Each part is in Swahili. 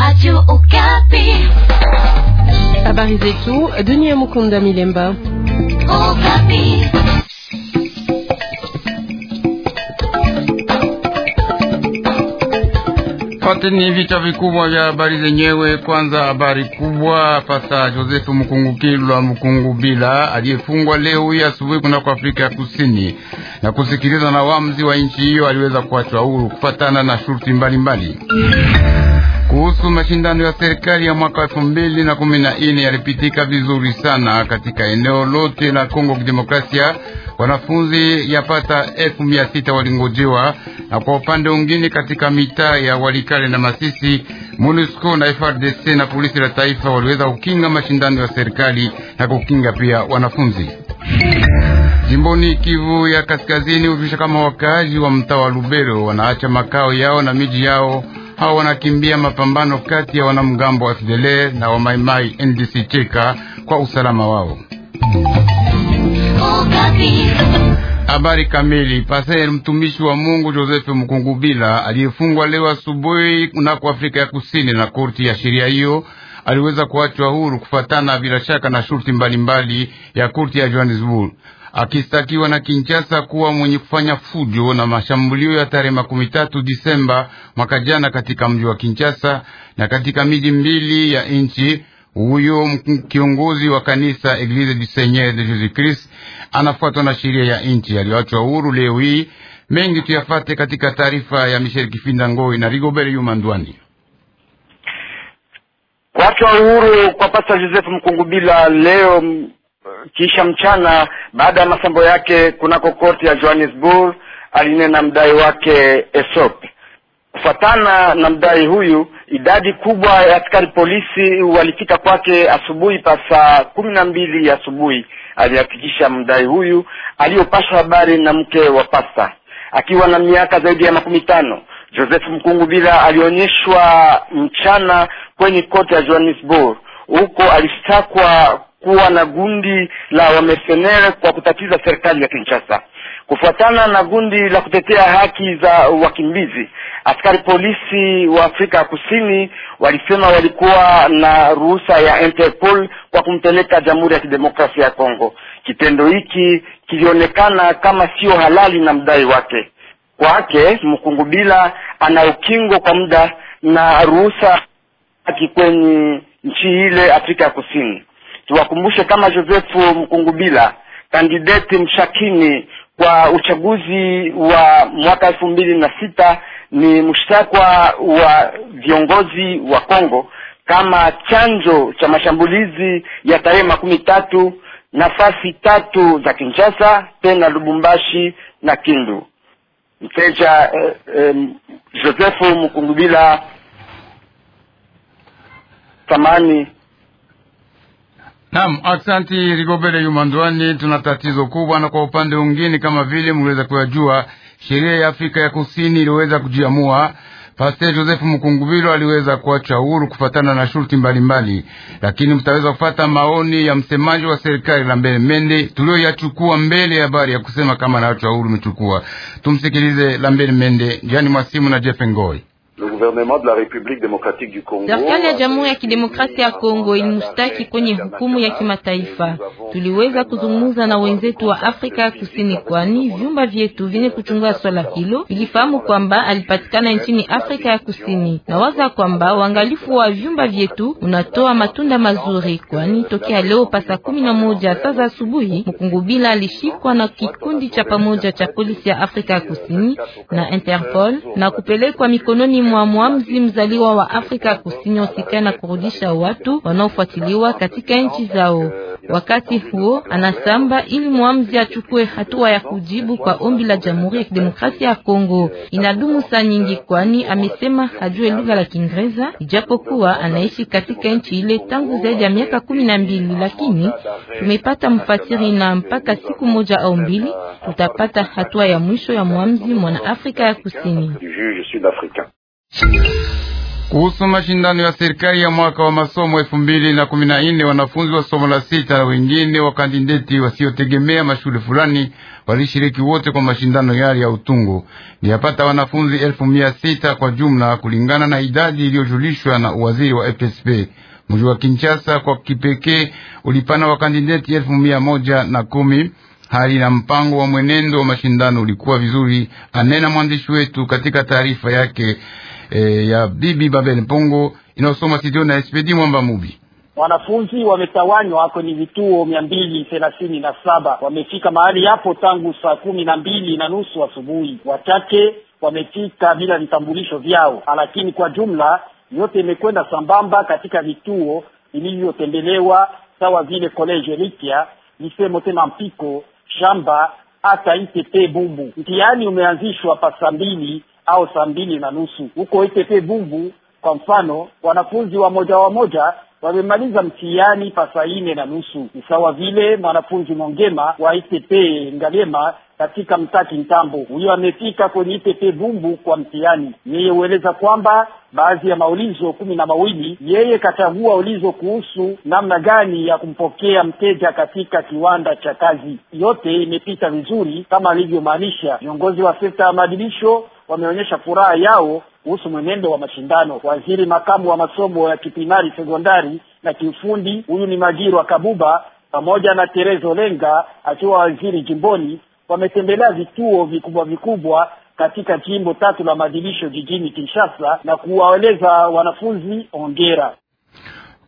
Radio Okapi. Habari zetu, Dunia Mukunda Milemba. Okapi. Pateni vichwa vikubwa vya habari zenyewe. Kwanza habari kubwa pasa Joseph Mukungukilwa bila aliyefungwa leo hii asubuhi kunako Afrika ya Kusini na kusikiliza na wamzi wa nchi hiyo aliweza kuachwa huru kufatana na shurti mbalimbali mbali kuhusu mashindano ya serikali ya mwaka elfu mbili na kumi na nne yalipitika vizuri sana katika eneo lote la Kongo Kidemokrasia. Wanafunzi yapata elfu mia sita walingojewa, na kwa upande mwingine katika mitaa ya Walikale na Masisi, MONUSCO na FRDC na polisi la taifa waliweza kukinga mashindano ya serikali na kukinga pia wanafunzi. Jimboni Kivu ya Kaskazini, uvisha kama wakaaji wa mtaa wa Lubero wanaacha makao yao na miji yao hao wanakimbia mapambano kati ya wanamgambo wa Fidele na wamaimai NDC Cheka kwa usalama wao. Habari kamili. Pastor mtumishi wa Mungu Joseph Mkungubila aliyefungwa leo asubuhi nako Afrika ya Kusini na korti ya sheria hiyo aliweza kuachwa huru kufatana bila shaka na shurti mbalimbali mbali ya korti ya Johannesburg akistakiwa na Kinshasa kuwa mwenye kufanya fujo na mashambulio ya tarehe makumi tatu Disemba mwaka jana katika mji wa Kinshasa na katika miji mbili ya nchi. Huyo kiongozi wa kanisa Eglise du Seigneur de Jesus Christ anafuatwa na sheria ya nchi, aliyoachwa huru leo hii. Mengi tuyafate katika taarifa ya Michel Kifinda Ngoi na Rigobert Yumandwani. Kuachwa uhuru kwa Pasta Joseph Mkungubila leo kisha mchana baada ya masambo yake kunako korti ya Johannesburg, alinena mdai wake Esop. Kufuatana na mdai huyu, idadi kubwa ya askari polisi walifika kwake asubuhi pa saa kumi na mbili asubuhi, alihakikisha mdai huyu aliyopasha habari na mke wa pasta akiwa na miaka zaidi ya makumi tano. Joseph mkungu bila alionyeshwa mchana kwenye koti ya Johannesburg, huko alishtakwa kuwa na gundi la wamefenere kwa kutatiza serikali ya Kinshasa. Kufuatana na gundi la kutetea haki za wakimbizi, askari polisi wa Afrika ya Kusini walisema walikuwa na ruhusa ya Interpol kwa kumpeleka Jamhuri ya Kidemokrasia ya Kongo. Kitendo hiki kilionekana kama sio halali na mdai wake. Kwake Mkungubila ana ukingo kwa muda na ruhusa haki kwenye nchi ile Afrika ya Kusini tuwakumbushe kama Josefu Mkungubila kandideti mshakini kwa uchaguzi wa mwaka elfu mbili na sita ni mshtakwa wa viongozi wa Kongo kama chanzo cha mashambulizi ya tarehe makumi tatu nafasi tatu za Kinshasa, tena Lubumbashi na Kindu. Mteja eh, eh, Josefu Mkungubila thamani Naam, aksanti Rigobele Yumandwani. Tuna tatizo kubwa, na kwa upande mwingine, kama vile mliweza kuyajua, sheria ya Afrika ya Kusini iliweza kujiamua Pastor Joseph Mukungubiro aliweza kuacha huru kufatana na shurti mbalimbali mbali. Lakini mtaweza kufata maoni ya msemaji wa serikali la mbele mende tulioyachukua mbele ya habari ya kusema kama naachwa huru mechukua. Tumsikilize la mbele mende jani mwasimu na Jeff Ngoi. Serikali ya euh, Jamhuri ya Kidemokrasia ya Kongo ilimshtaki kwenye hukumu ya kimataifa. Tuliweza kuzungumza na wenzetu wa Afrika ya Kusini, kwani vyumba vyetu vyenye kuchunguza swala hilo vilifahamu kwamba alipatikana nchini Afrika ya Kusini. Nawaza kwamba uangalifu wa vyumba vyetu unatoa matunda mazuri, kwani tokea leo pasa kumi na moja euh, saa za asubuhi bila alishikwa na kikundi cha pamoja cha polisi ya Afrika ya Kusini euh, na Interpol na kupelekwa mikononi mwamuamzi mzaliwa wa Afrika Kusini usikana kurudisha watu wanaofuatiliwa katika nchi zao. Wakati huo anasamba ili mwamzi achukue hatua ya kujibu kwa ombi la Jamhuri ya Kidemokrasia ya Kongo. Inadumu saa nyingi, kwani amesema hajue lugha la Kiingereza ijapokuwa anaishi katika nchi ile tangu zaidi ya miaka kumi na mbili, lakini tumepata mfasiri na mpaka siku moja au mbili tutapata hatua ya mwisho ya mwamzi mwana Afrika ya Kusini. Kuhusu mashindano ya serikali ya mwaka wa masomo elfu mbili na kumi na nne wanafunzi wa somo la sita na wengine wa kandideti wasiotegemea mashule fulani walishiriki wote kwa mashindano yale ya utungo. Niyapata wanafunzi elfu mia sita kwa jumla, kulingana na idadi iliyojulishwa na uwaziri wa FSP. Mji wa Kinshasa kwa kipekee ulipana wa kandideti elfu mia moja na kumi. Hali na mpango wa mwenendo wa mashindano ulikuwa vizuri, anena mwandishi wetu katika taarifa yake eh, ya Bibi Babel Mpongo inayosoma studio na SPD Mwamba Mubi. Wanafunzi wametawanywa kwenye vituo mia mbili thelathini na saba wamefika mahali hapo tangu saa kumi na mbili na nusu asubuhi. Wachache wamefika bila vitambulisho vyao, lakini kwa jumla yote imekwenda sambamba katika vituo vilivyotembelewa sawa vile Koleje Lipya, Lise tena Mpiko, Shamba hata ITP Bumbu. Mtihani umeanzishwa pa saa mbili au saa mbili na nusu huko ITP bumbu Kwa mfano, wanafunzi wa moja wa moja wamemaliza mtihani saa nne na nusu ni sawa vile mwanafunzi mwongema wa ETP Ngalema katika mtaki ntambo huyo amefika kwenye ETP Bumbu kwa mtihani. Yeye hueleza kwamba baadhi ya maulizo kumi na mawili yeye kachagua ulizo kuhusu namna gani ya kumpokea mteja katika kiwanda cha kazi. Yote imepita vizuri kama alivyomaanisha viongozi wa sekta ya maadilisho wameonyesha furaha yao kuhusu mwenendo wa mashindano. Waziri makamu wa masomo ya kiprimari, sekondari na kiufundi, huyu ni wa Kabuba pamoja na Terezo Lenga akiwa waziri jimboni, wametembelea vituo vikubwa vikubwa katika jimbo tatu la maadhimisho jijini Kinshasa na kuwaeleza wanafunzi ongera.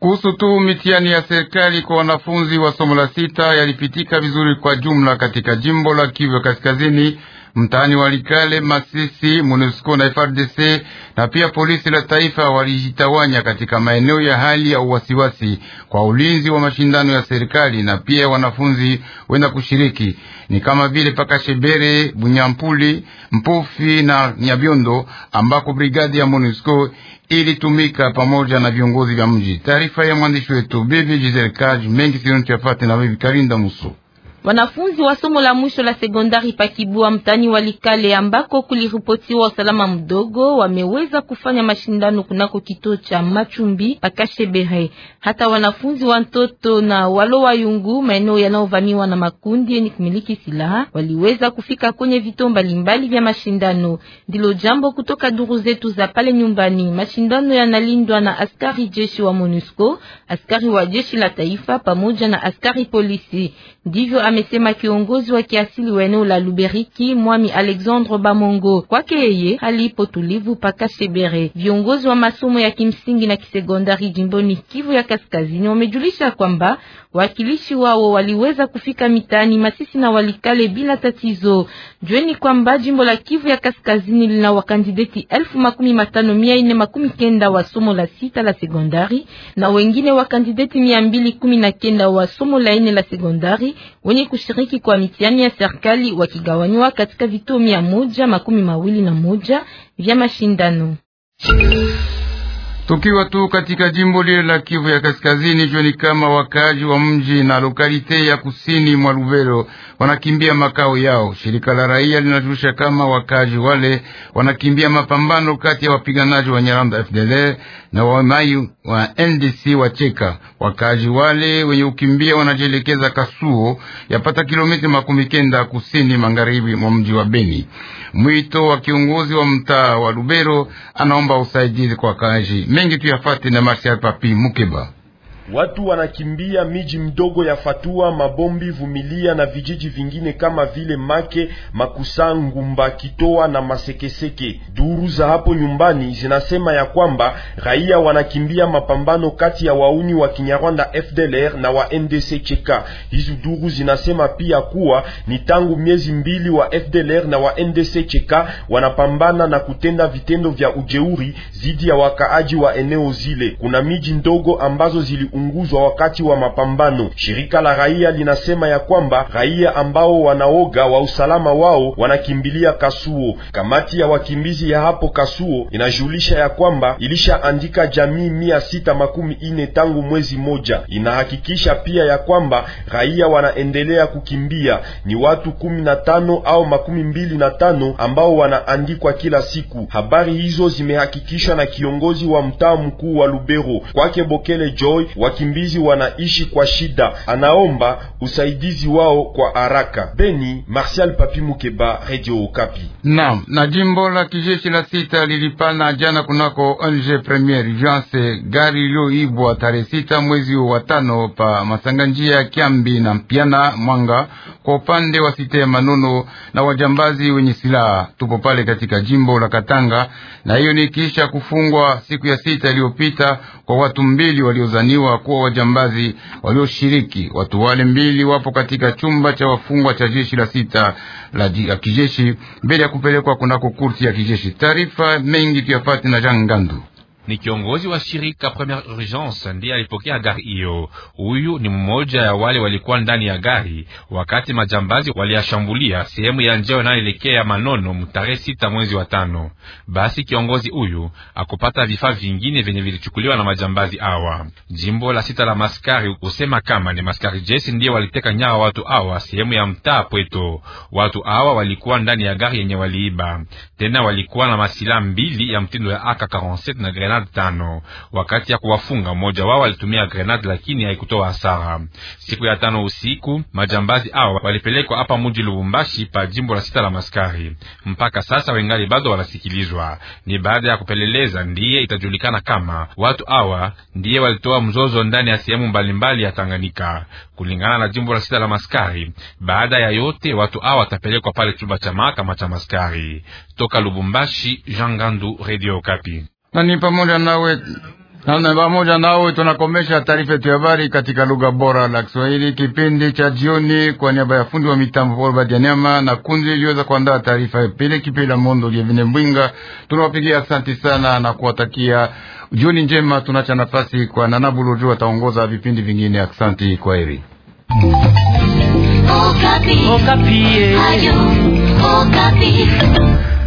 Kuhusu tu mitihani ya serikali kwa wanafunzi wa somo la sita yalipitika vizuri kwa jumla katika jimbo la Kivu Kaskazini mtaani Walikale, Masisi. MONUSCO na frdc na pia polisi la taifa walijitawanya katika maeneo ya hali ya uwasiwasi kwa ulinzi wa mashindano ya serikali na pia wanafunzi wenda kushiriki ni kama vile paka Shebere, Bunyampuli, Mpufi na Nyabiondo ambako brigadi ya MONUSCO ilitumika pamoja na viongozi vya mji. Taarifa ya mwandishi wetu Bibi Giselle mengi sironi tuyafate na Bibi Karinda Muso. Wanafunzi wa somo la mwisho la sekondari pakibua mtani walikale ambako kuliripotiwa usalama mdogo wameweza kufanya mashindano kunako kituo cha Machumbi pakashebere. Hata wanafunzi wa ntoto na walo wa yungu maeneo yanayovamiwa na makundi yenye kumiliki silaha waliweza kufika kwenye vito mbalimbali vya mashindano. Ndilo jambo kutoka duru zetu za pale nyumbani. Mashindano yanalindwa na askari jeshi wa MONUSCO, askari wa jeshi la taifa pamoja na askari polisi. Ndivyo amesema kiongozi wa kiasili wa eneo la Luberiki Mwami Alexandre Bamongo. Kwake yeye alipo tulivu paka Sebere. Viongozi wa masomo ya kimsingi na kisekondari jimboni Kivu ya Kaskazini wamejulisha kwamba wakilishi wao waliweza kufika mitaani Masisi na Walikale bila tatizo. Jueni kwamba jimbo la Kivu ya Kaskazini lina wakandideti elfu makumi matano mia ine makumi kenda wa somo la sita la sekondari na wengine wakandideti mia mbili kumi na kenda wa somo la ine la sekondari wenye wenye kushiriki kwa mitihani ya serikali wakigawanywa katika vituo mia moja makumi mawili na moja vya mashindano. Tukiwa tu katika jimbo lile la Kivu ya Kaskazini, jweni kama wakaaji wa mji na lokalite ya kusini mwa Lubero wanakimbia makao yao. Shirika la raia linajulisha kama wakaaji wale wanakimbia mapambano kati ya wapiganaji wa Nyaranda FDL na wamayu wa NDC wacheka. wakaji wale wenye ukimbia wanajielekeza Kasuo, yapata kilomita makumi kenda kusini magharibi mwa mji wa Beni. Mwito wa kiongozi wa mtaa wa Lubero anaomba usaidizi kwa wakaji Mengi tuyafate na Marshal Papi Mukeba. Watu wanakimbia miji mdogo ya Fatua, Mabombi, Vumilia na vijiji vingine kama vile Make, Makusa, Ngumba, Kitoa na Masekeseke. Duru za hapo nyumbani zinasema ya kwamba raia wanakimbia mapambano kati ya wauni wa Kinyarwanda FDLR na wa NDC CK. Hizo duru zinasema pia kuwa ni tangu miezi mbili wa FDLR na wa NDC CK wanapambana na kutenda vitendo vya ujeuri zidi ya wakaaji wa eneo zile. Kuna miji ndogo ambazo zili yaliunguzwa wakati wa mapambano. Shirika la raia linasema ya kwamba raia ambao wanaoga wa usalama wao wanakimbilia Kasuo. Kamati ya wakimbizi ya hapo Kasuo inajulisha ya kwamba ilishaandika jamii mia sita makumi ine tangu mwezi moja. Inahakikisha pia ya kwamba raia wanaendelea kukimbia, ni watu kumi na tano au makumi mbili na tano ambao wanaandikwa kila siku. Habari hizo zimehakikishwa na kiongozi wa mtaa mkuu wa Lubero kwake Bokele Joy wakimbizi wanaishi kwa shida, anaomba usaidizi wao kwa haraka. Beni, Martial Papi Mukeba, Radio Okapi. Naam, na jimbo la kijeshi la sita lilipana jana kunako ONG Premier Urgence gari iliyoibwa tarehe sita mwezi wa tano pa masanganjia ya Kiambi na Mpiana Mwanga kwa upande wa site ya Manono na wajambazi wenye silaha. Tupo pale katika jimbo la Katanga, na hiyo ni kisha kufungwa siku ya sita iliyopita kwa watu mbili waliozaniwa kuwa wajambazi walioshiriki. Watu wale mbili wapo katika chumba cha wafungwa cha jeshi la sita la kijeshi mbele ya kupelekwa kunako kursi ya kijeshi. Taarifa mengi tuyafati na Jean Ngandu ni kiongozi wa shirika Premier Urgence ndiye alipokea gari hiyo. Huyu ni mmoja ya wale walikuwa ndani ya gari wakati majambazi waliyashambulia sehemu ya njeo inayoelekea Manono mtarehe sita mwezi wa tano. Basi kiongozi huyu akupata vifaa vingine vyenye vilichukuliwa na majambazi awa. Jimbo la sita la maskari kusema kama ni maskari jeshi ndiye waliteka nyawa watu awa sehemu ya mtaa Pweto. Watu awa walikuwa ndani ya gari yenye waliiba, tena walikuwa na masilaha mbili ya mtindo ya AK47 na grenade grenade tano. Wakati ya kuwafunga mmoja wao alitumia grenade, lakini haikutoa hasara. Siku ya tano usiku majambazi hao walipelekwa hapa mji Lubumbashi pa jimbo la sita la maskari. Mpaka sasa wengali bado wanasikilizwa, ni baada ya kupeleleza ndiye itajulikana kama watu hawa ndiye walitoa mzozo ndani ya sehemu mbalimbali ya Tanganyika, kulingana na jimbo la sita la maskari. Baada ya yote, watu hawa watapelekwa pale chumba cha mahakama cha maskari. Toka Lubumbashi, Jean Gandu, Radio Kapi na ni pamoja nawe na pamoja nawe tunakomesha taarifa yetu ya habari katika lugha bora la Kiswahili, kipindi cha jioni, kwa niaba ya fundi wa mitambo Robert ya Nyama na kundi iliweza kuandaa taarifa Pele la Mondo jevine Mbwinga. Tunawapigia asanti sana na kuwatakia jioni njema. Tunacha nafasi kwa Nanabuluju ataongoza vipindi vingine. Asanti, kwa heri. Okapi. Oh, Okapi. Oh, eh.